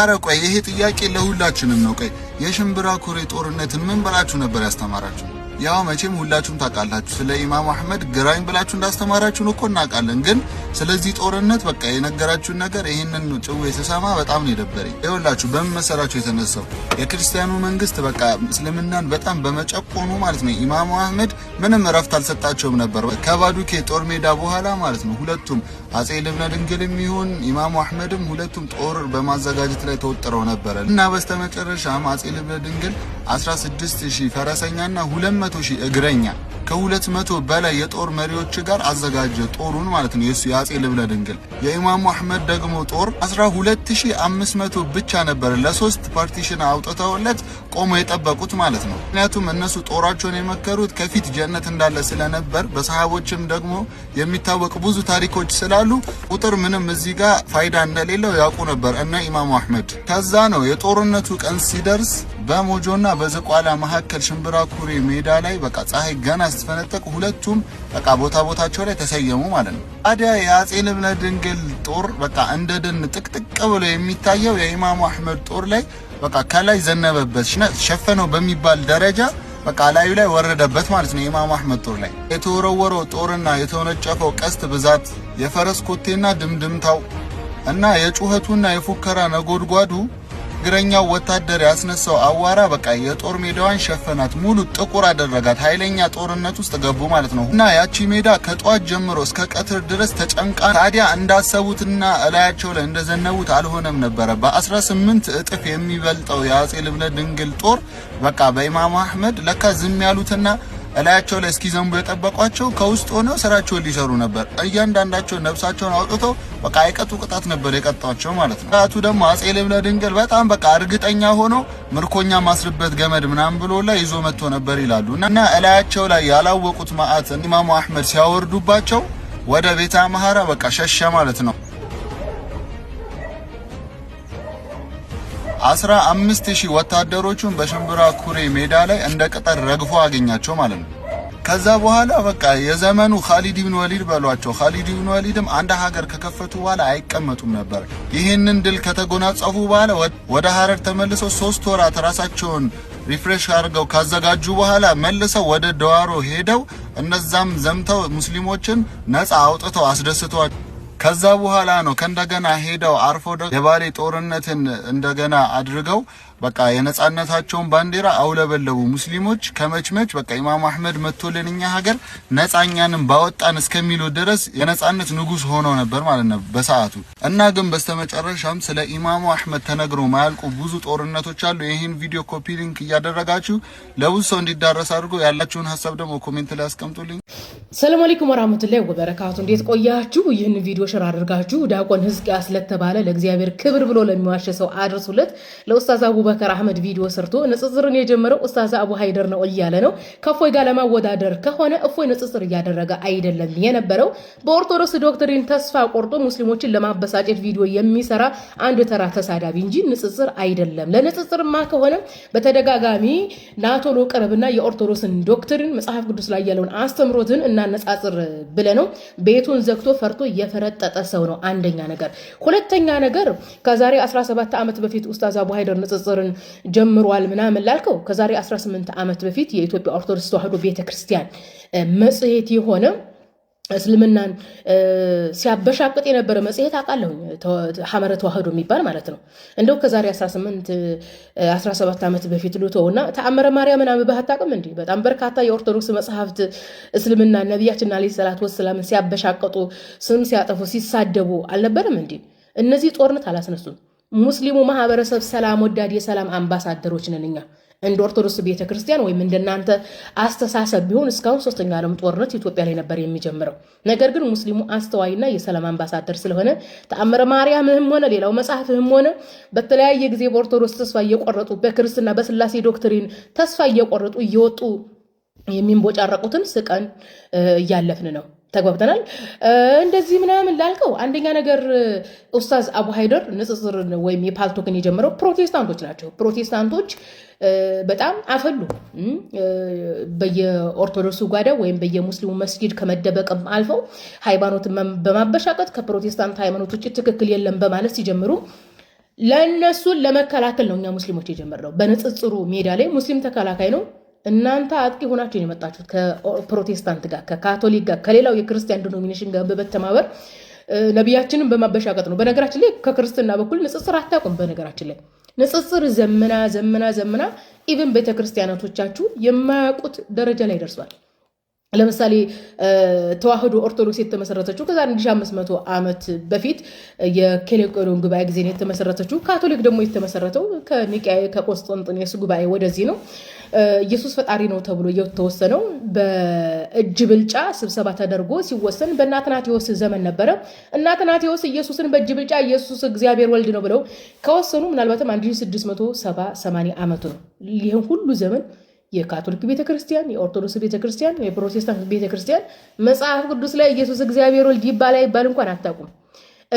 አረ ቆይ ይሄ ጥያቄ ለሁላችንም ነው። ቆይ የሽምብራ ኩሬ ጦርነትን ምን ብላችሁ ነበር ያስተማራችሁ? ያው መቼም ሁላችሁም ታውቃላችሁ ስለ ኢማሙ አህመድ ግራኝ ብላችሁ እንዳስተማራችሁን እኮ እናውቃለን። ግን ስለዚህ ጦርነት በቃ የነገራችሁን ነገር ይህንን ጭዌ ስሰማ በጣም ነው የደበረኝ። ይኸውላችሁ በምን መሰላችሁ የተነሳው የክርስቲያኑ መንግስት በቃ እስልምናን በጣም በመጨቆኑ ማለት ነው። ኢማሙ አህመድ ምንም እረፍት አልሰጣቸውም ነበር ከባዱኬ ጦር ሜዳ በኋላ ማለት ነው። ሁለቱም አጼ ልብነ ድንግልም ይሁን ኢማሙ አህመድም ሁለቱም ጦር በማዘጋጀት ላይ ተወጥረው ነበረ እና በስተመጨረሻም አጼ ልብነ ድንግል 16000 ፈረሰኛና 200000 እግረኛ ከሁለት መቶ በላይ የጦር መሪዎች ጋር አዘጋጀ። ጦሩን ማለት ነው የሱ የአጼ ልብነ ድንግል። የኢማሙ አህመድ ደግሞ ጦር 12500 ብቻ ነበር ለሶስት ፓርቲሽን አውጥተውለት ቆመው የጠበቁት ማለት ነው። ምክንያቱም እነሱ ጦራቸውን የመከሩት ከፊት ጀነት እንዳለ ስለነበር፣ በሰሃቦችም ደግሞ የሚታወቅ ብዙ ታሪኮች ስላሉ ቁጥር ምንም እዚህ ጋር ፋይዳ እንደሌለው ያውቁ ነበር እና ኢማሙ አህመድ ከዛ ነው የጦርነቱ ቀን ሲደርስ በሞጆና በዘቋላ መካከል ሽምብራ ሜዳ ላይ በቃ ፀሐይ ገና ሲያስፈነጥቅ ሁለቱም በቃ ቦታ ቦታቸው ላይ ተሰየሙ ማለት ነው። ታዲያ የአጼ ልብነ ድንግል ጦር በቃ እንደ ደን ጥቅጥቅ ብሎ የሚታየው የኢማሙ አህመድ ጦር ላይ በቃ ከላይ ዘነበበት ሸፈነው በሚባል ደረጃ በቃ ላዩ ላይ ወረደበት ማለት ነው። ኢማሙ አህመድ ጦር ላይ የተወረወረው ጦርና የተወነጨፈው ቀስት ብዛት፣ የፈረስ ኮቴና ድምድምታው እና የጩኸቱና የፉከራ ነጎድጓዱ ችግረኛው ወታደር ያስነሳው አዋራ በቃ የጦር ሜዳዋን ሸፈናት፣ ሙሉ ጥቁር አደረጋት። ኃይለኛ ጦርነት ውስጥ ገቡ ማለት ነው እና ያቺ ሜዳ ከጧት ጀምሮ እስከ ቀትር ድረስ ተጨንቃ፣ ታዲያ እንዳሰቡትና እላያቸው ላይ እንደዘነቡት አልሆነም ነበረ። በ18 እጥፍ የሚበልጠው የአጼ ልብነ ድንግል ጦር በቃ በኢማሙ አህመድ ለካ ዝም ያሉትና እላያቸው ላይ እስኪ ዘንቡ የጠበቋቸው ከውስጥ ሆነው ስራቸውን ሊሰሩ ነበር። እያንዳንዳቸው ነፍሳቸውን አውጥተው በቃ አይቀጡ ቅጣት ነበር የቀጧቸው ማለት ነው። ቅጣቱ ደግሞ አጼ ልብነ ድንግል በጣም በቃ እርግጠኛ ሆኖ ምርኮኛ ማስርበት ገመድ ምናምን ብሎ ላይ ይዞ መጥቶ ነበር ይላሉ እና እላያቸው ላይ ያላወቁት መዓት ኢማሙ አህመድ ሲያወርዱባቸው ወደ ቤተ አምሐራ በቃ ሸሸ ማለት ነው። አስራ አምስት ሺህ ወታደሮቹን በሽምብራ ኩሬ ሜዳ ላይ እንደ ቅጠል ረግፎ አገኛቸው ማለት ነው። ከዛ በኋላ በቃ የዘመኑ ኻሊድ ብን ወሊድ በሏቸው። ኻሊድ ብን ወሊድም አንድ ሀገር ከከፈቱ በኋላ አይቀመጡም ነበር። ይህንን ድል ከተጎናጸፉ በኋላ ወደ ሀረር ተመልሰው ሶስት ወራት ራሳቸውን ሪፍሬሽ አድርገው ካዘጋጁ በኋላ መልሰው ወደ ደዋሮ ሄደው እነዛም ዘምተው ሙስሊሞችን ነፃ አውጥተው አስደስተዋል። ከዛ በኋላ ነው ከእንደገና ሄደው አርፎ የባሌ ጦርነትን እንደገና አድርገው በቃ የነጻነታቸውን ባንዲራ አውለበለቡ ሙስሊሞች ከመችመች በቃ ኢማም አህመድ መጥቶልን እኛ ሀገር ነጻኛንም ባወጣን እስከሚሉ ድረስ የነጻነት ንጉስ ሆኖ ነበር ማለት ነው በሰዓቱ። እና ግን በስተመጨረሻም ስለ ኢማሙ አህመድ ተነግሮ ማያልቁ ብዙ ጦርነቶች አሉ። ይህን ቪዲዮ ኮፒ ሊንክ እያደረጋችሁ ለብዙ ሰው እንዲዳረስ አድርጎ ያላችሁን ሀሳብ ደግሞ ኮሜንት ላይ አስቀምጡልኝ። ሰላም አለይኩም ወራህመቱላሂ ወበረካቱ። እንዴት ቆያችሁ? ይህን ቪዲዮ ሼር አድርጋችሁ ዲያቆን ሕዝቅያስ ለተባለ ለእግዚአብሔር ክብር ብሎ ለሚዋሸ ሰው አድርሱለት። ለኡስታዝ አቡበከር አህመድ ቪዲዮ ሰርቶ ንጽጽርን የጀመረው ኡስታዝ አቡ ሀይደር ነው እያለ ነው። ከእፎይ ጋር ለማወዳደር ከሆነ እፎይ ንጽጽር እያደረገ አይደለም የነበረው። በኦርቶዶክስ ዶክትሪን ተስፋ ቆርጦ ሙስሊሞችን ለማበሳጨት ቪዲዮ የሚሰራ አንድ ተራ ተሳዳቢ እንጂ ንጽጽር አይደለም። ለንጽጽርማ ከሆነ በተደጋጋሚ ናቶሎ ቅረብና የኦርቶዶክስን ዶክትሪን መጽሐፍ ቅዱስ ላይ ያለውን አስተምሮትን እና እናነጻጽር ብለ ነው። ቤቱን ዘግቶ ፈርቶ የፈረጠጠ ሰው ነው አንደኛ ነገር። ሁለተኛ ነገር ከዛሬ 17 ዓመት በፊት ኡስታዝ አቡ ሀይደር ንጽጽርን ጀምሯል ምናምን ላልከው ከዛሬ 18 ዓመት በፊት የኢትዮጵያ ኦርቶዶክስ ተዋሕዶ ቤተክርስቲያን መጽሔት የሆነ እስልምናን ሲያበሻቅጥ የነበረ መጽሔት አውቃለሁ ሐመረ ተዋህዶ የሚባል ማለት ነው። እንደው ከዛሬ 18 17 ዓመት በፊት ልቶ እና ተአምረ ማርያምን አንብበህ አታውቅም? እንዲህ በጣም በርካታ የኦርቶዶክስ መጽሐፍት እስልምና ነቢያችን ዓለይሂ ሰላት ወሰላምን ሲያበሻቅጡ፣ ስም ሲያጠፉ፣ ሲሳደቡ አልነበረም? እንዲህ እነዚህ ጦርነት አላስነሱም። ሙስሊሙ ማህበረሰብ ሰላም ወዳድ የሰላም አምባሳደሮች ነን እኛ። እንደ ኦርቶዶክስ ቤተ ክርስቲያን ወይም እንደናንተ አስተሳሰብ ቢሆን እስካሁን ሶስተኛ ዓለም ጦርነት ኢትዮጵያ ላይ ነበር የሚጀምረው። ነገር ግን ሙስሊሙ አስተዋይና የሰላም አምባሳደር ስለሆነ ተአምረ ማርያምህም ሆነ ሌላው መጽሐፍህም ሆነ በተለያየ ጊዜ በኦርቶዶክስ ተስፋ እየቆረጡ በክርስትና በስላሴ ዶክትሪን ተስፋ እየቆረጡ እየወጡ የሚንቦጫረቁትን ስቀን እያለፍን ነው። ተግባብተናል። እንደዚህ ምናምን ላልከው አንደኛ ነገር ኡስታዝ አቡ ሀይደር ንጽጽር ወይም የፓልቶክን የጀመረው ፕሮቴስታንቶች ናቸው። ፕሮቴስታንቶች በጣም አፈሉ። በየኦርቶዶክሱ ጓዳ ወይም በየሙስሊሙ መስጊድ ከመደበቅም አልፈው ሃይማኖትን በማበሻቀት ከፕሮቴስታንት ሃይማኖት ውጭ ትክክል የለም በማለት ሲጀምሩ ለእነሱን ለመከላከል ነው እኛ ሙስሊሞች የጀመርነው። በንጽጽሩ ሜዳ ላይ ሙስሊም ተከላካይ ነው። እናንተ አጥቂ ሆናችሁ የመጣችሁት ከፕሮቴስታንት ጋር፣ ከካቶሊክ ጋር፣ ከሌላው የክርስቲያን ዲኖሚኔሽን ጋር በመተባበር ነቢያችንን በማበሻቀጥ ነው። በነገራችን ላይ ከክርስትና በኩል ንጽጽር አታውቁም። በነገራችን ላይ ንጽጽር ዘምና ዘምና ዘምና ኢቨን ቤተ ክርስቲያናቶቻችሁ የማያውቁት ደረጃ ላይ ደርሷል። ለምሳሌ ተዋህዶ ኦርቶዶክስ የተመሰረተችው ከዛ 1500 ዓመት በፊት የኬሌቆዶን ጉባኤ ጊዜ የተመሰረተችው፣ ካቶሊክ ደግሞ የተመሰረተው ከኒቅያ ከቆስጠንጥኔስ ጉባኤ ወደዚህ ነው። ኢየሱስ ፈጣሪ ነው ተብሎ የተወሰነው በእጅ ብልጫ ስብሰባ ተደርጎ ሲወሰን በእናትናቴዎስ ዘመን ነበረ። እናትናቴዎስ ኢየሱስን በእጅ ብልጫ ኢየሱስ እግዚአብሔር ወልድ ነው ብለው ከወሰኑ ምናልባትም 1670 ዓመቱ ነው። ይህን ሁሉ ዘመን የካቶሊክ ቤተክርስቲያን፣ የኦርቶዶክስ ቤተክርስቲያን፣ የፕሮቴስታንት ቤተክርስቲያን መጽሐፍ ቅዱስ ላይ ኢየሱስ እግዚአብሔር ወልድ ይባል አይባል እንኳን አታውቁም።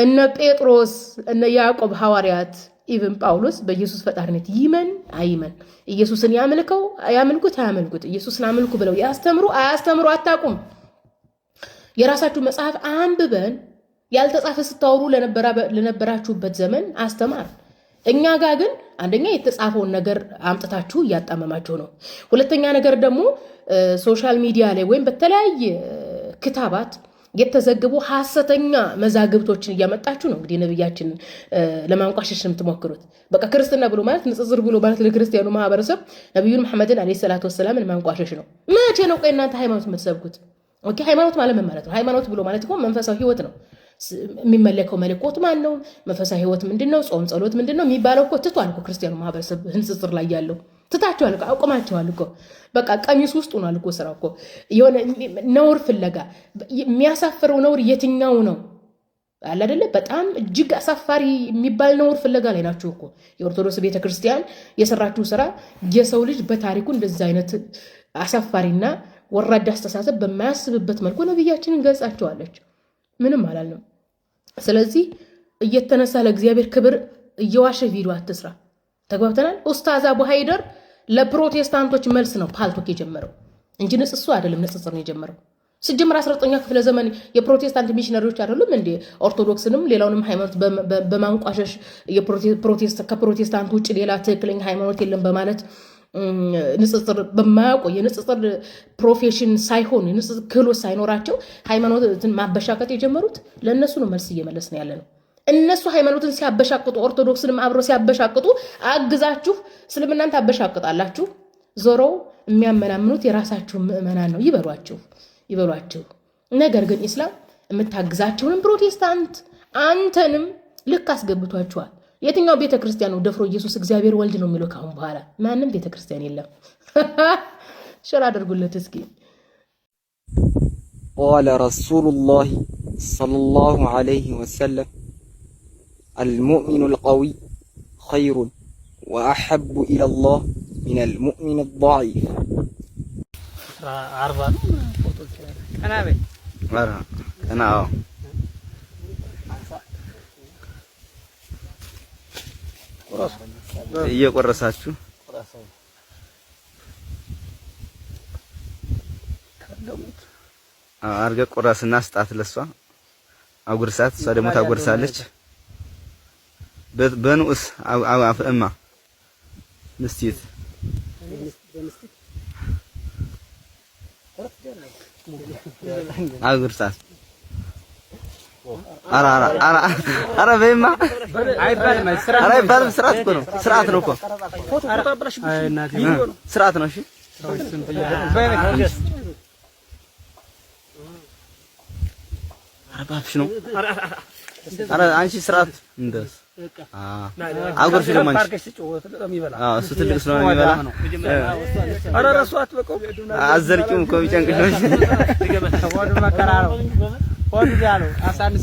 እነ ጴጥሮስ እነ ያዕቆብ ሐዋርያት ኢቭን ጳውሎስ በኢየሱስ ፈጣሪነት ይመን አይመን ኢየሱስን ያመልከው ያመልኩት አያመልኩት ኢየሱስን አምልኩ ብለው ያስተምሩ አያስተምሩ አታቁም። የራሳችሁ መጽሐፍ አንብበን ያልተጻፈ ስታወሩ ለነበራችሁበት ዘመን አስተማር። እኛ ጋ ግን አንደኛ የተጻፈውን ነገር አምጥታችሁ እያጣመማችሁ ነው። ሁለተኛ ነገር ደግሞ ሶሻል ሚዲያ ላይ ወይም በተለያየ ክታባት የተዘገቡ ሀሰተኛ መዛግብቶችን እያመጣችሁ ነው እንግዲህ ነብያችንን ለማንቋሸሽ የምትሞክሩት። በቃ ክርስትና ብሎ ማለት ንጽጽር ብሎ ማለት ለክርስቲያኑ ማህበረሰብ ነቢዩን መሐመድን ዓለይሂ ሰላቱ ወሰላምን ማንቋሸሽ ነው። መቼ ነው ቆይ እናንተ ሃይማኖት የምትሰብኩት? ኦኬ ሃይማኖት ማለት ምን ማለት ነው? ሃይማኖት ብሎ ማለት እኮ መንፈሳዊ ህይወት ነው። የሚመለከው መለኮት ማን ነው? መንፈሳዊ ህይወት ምንድን ነው? ጾም ጸሎት ምንድን ነው የሚባለው እኮ ትቷል እኮ ክርስቲያኑ ማህበረሰብ ንጽጽር ላይ ያለው ትታቸዋል አቁማቸዋል እኮ በቃ ቀሚስ ውስጥ ሆኗል እኮ ስራ እኮ የሆነ ነውር ፍለጋ የሚያሳፍረው ነውር የትኛው ነው አለ አይደለ? በጣም እጅግ አሳፋሪ የሚባል ነውር ፍለጋ ላይ ናችሁ እኮ የኦርቶዶክስ ቤተክርስቲያን የሰራችሁ ስራ የሰው ልጅ በታሪኩ እንደዚ አይነት አሳፋሪና ወራዳ አስተሳሰብ በማያስብበት መልኩ ነብያችንን ገልጻቸዋለች። ምንም ነው። ስለዚህ እየተነሳ ለእግዚአብሔር ክብር እየዋሸ ቪዲዮ አትስራ። ተግባብተናል። ኡስታዛ አቡ ለፕሮቴስታንቶች መልስ ነው ፓልቶክ የጀመረው እንጂ ንጽሱ አይደለም፣ ንጽጽር ነው የጀመረው። ስጀምር 19ኛ ክፍለ ዘመን የፕሮቴስታንት ሚሽነሪዎች አይደሉም እንዲ ኦርቶዶክስንም ሌላውንም ሃይማኖት በማንቋሸሽ ከፕሮቴስታንት ውጭ ሌላ ትክክለኛ ሃይማኖት የለም በማለት ንጽጽር በማያውቀው የንጽጽር ፕሮፌሽን ሳይሆን የንጽጽር ክህሎት ሳይኖራቸው ሃይማኖትን ማበሻከት የጀመሩት ለእነሱ ነው መልስ እየመለስ ነው ያለ ነው። እነሱ ሃይማኖትን ሲያበሻቅጡ ኦርቶዶክስንም አብረው ሲያበሻቅጡ አግዛችሁ እስልምናን ታበሻቅጣላችሁ። ዞረው የሚያመናምኑት የራሳችሁ ምዕመናን ነው ይበሏችሁ ይበሏችሁ። ነገር ግን ኢስላም የምታግዛቸውንም ፕሮቴስታንት አንተንም ልክ አስገብቷችኋል። የትኛው ቤተ ክርስቲያን ነው ደፍሮ ኢየሱስ እግዚአብሔር ወልድ ነው የሚለው? ካሁን በኋላ ማንም ቤተ ክርስቲያን የለም። ሽር አድርጉለት እስኪ። ቃለ ረሱሉላህ ሰለላሁ አለይሂ ወሰለም المؤمن القوي خير وأحب إلى الله من المؤمن الضعيف عرضا أنا أبي أنا أهو እየቆረሳችሁ አርገ ቆራስና ስጣት። ለሷ አጉርሳት፣ እሷ ደግሞ ታጎርሳለች። بنؤس أو أو عف أما مستيت أقول ساس أرى أرى أرى أرى بيما أرى يبال بسرعة كنو سرعة نوكو سرعة نوشي أرى بابشنو ارا أنشي سرعة ندس አጉር ፊልም አንቺ እሱ ትልቅ ስለሆነ የሚበላ ኧረ እረሱ አትበቀው አዘርቂውም እኮ ቢጨንቅሽ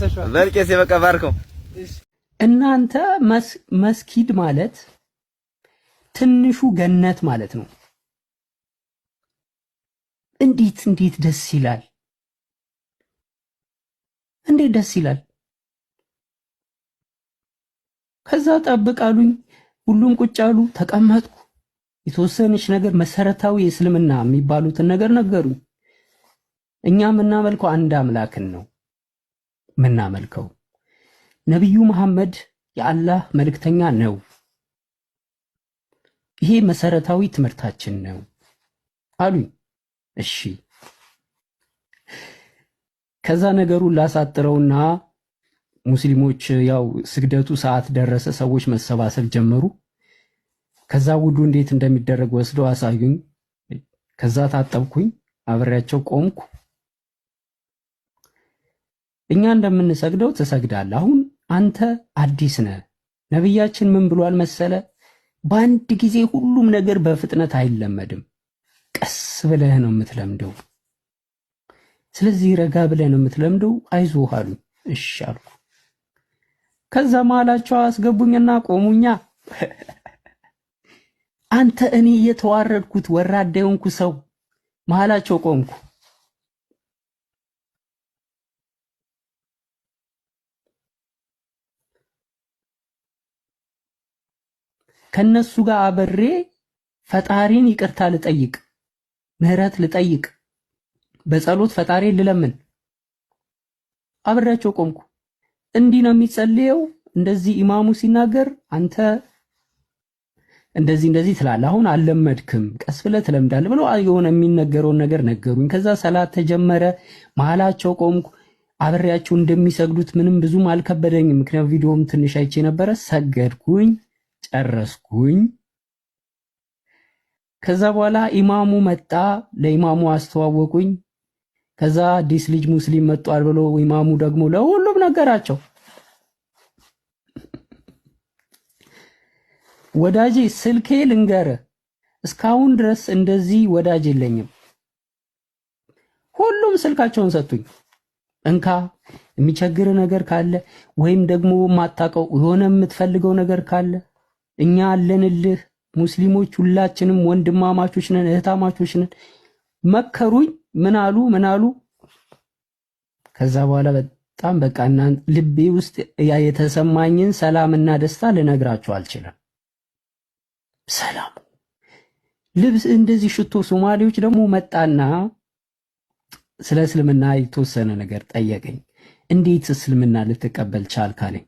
ነው በልቄስ የበቃ ባርከው። እናንተ መስኪድ ማለት ትንሹ ገነት ማለት ነው። እንዴት እንዴት ደስ ይላል! እንዴት ደስ ይላል! ከዛ ጠብቅ አሉኝ። ሁሉም ቁጭ አሉ። ተቀመጥኩ። የተወሰነች ነገር መሰረታዊ እስልምና የሚባሉትን ነገር ነገሩኝ። እኛ የምናመልከው አንድ አምላክን ነው የምናመልከው። ነቢዩ መሐመድ የአላህ መልእክተኛ ነው። ይሄ መሰረታዊ ትምህርታችን ነው አሉኝ። እሺ ከዛ ነገሩን ላሳጥረውና ሙስሊሞች ያው ስግደቱ ሰዓት ደረሰ፣ ሰዎች መሰባሰብ ጀመሩ። ከዛ ውዱ እንዴት እንደሚደረግ ወስደው አሳዩኝ። ከዛ ታጠብኩኝ፣ አብሬያቸው ቆምኩ። እኛ እንደምንሰግደው ትሰግዳለህ። አሁን አንተ አዲስ ነህ። ነቢያችን ምን ብሏል መሰለ? በአንድ ጊዜ ሁሉም ነገር በፍጥነት አይለመድም፣ ቀስ ብለህ ነው የምትለምደው። ስለዚህ ረጋ ብለህ ነው የምትለምደው፣ አይዞህ አሉኝ። እሺ አልኩ። ከዛ መሀላቸው አስገቡኝና ቆሙኛ። አንተ እኔ እየተዋረድኩት ወራዳ የሆንኩ ሰው መሀላቸው ቆምኩ። ከነሱ ጋር አበሬ ፈጣሪን ይቅርታ ልጠይቅ፣ ምህረት ልጠይቅ፣ በጸሎት ፈጣሪን ልለምን አብሬያቸው ቆምኩ። እንዲህ ነው የሚጸልየው። እንደዚህ ኢማሙ ሲናገር አንተ እንደዚህ እንደዚህ ትላለህ። አሁን አልለመድክም፣ ቀስ ብለህ ትለምዳለህ ብሎ የሆነ የሚነገረውን ነገር ነገሩኝ። ከዛ ሰላት ተጀመረ። መሀላቸው ቆምኩ። አብሬያቸው እንደሚሰግዱት ምንም ብዙም አልከበደኝም፣ ምክንያቱም ቪዲዮም ትንሽ አይቼ ነበረ። ሰገድኩኝ፣ ጨረስኩኝ። ከዛ በኋላ ኢማሙ መጣ። ለኢማሙ አስተዋወቁኝ። ከዛ አዲስ ልጅ ሙስሊም መጧል ብሎ ኢማሙ ደግሞ ለሁሉም ነገራቸው። ወዳጄ ስልኬ ልንገር፣ እስካሁን ድረስ እንደዚህ ወዳጅ የለኝም። ሁሉም ስልካቸውን ሰጡኝ። እንካ የሚቸግር ነገር ካለ ወይም ደግሞ ማታቀው የሆነ የምትፈልገው ነገር ካለ እኛ አለንልህ። ሙስሊሞች ሁላችንም ወንድማማቾች ነን፣ እህታማቾች ነን። መከሩኝ። ምን አሉ ምን አሉ። ከዛ በኋላ በጣም በቃ እናንተ ልቤ ውስጥ ያ የተሰማኝን ሰላምና ደስታ ልነግራቸው አልችልም። ሰላም ልብስ እንደዚህ ሽቶ። ሶማሌዎች ደግሞ መጣና ስለ እስልምና የተወሰነ ነገር ጠየቀኝ። እንዴት እስልምና ልትቀበል ቻልክ አለኝ።